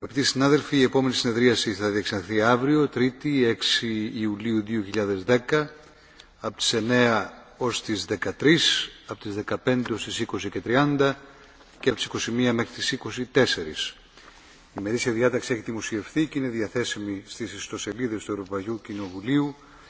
Αγαπητοί συνάδελφοι, η επόμενη συνεδρίαση θα διεξαχθεί αύριο, 3η 6 Ιουλίου 2010, από τις 9 ως τις 13, από τις 15 ως τις 20 και 30 και από τις 21 μέχρι τις 24. Η μερίσια διάταξη έχει δημοσιευθεί και είναι διαθέσιμη στις ιστοσελίδες του Ευρωπαϊκού Κοινοβουλίου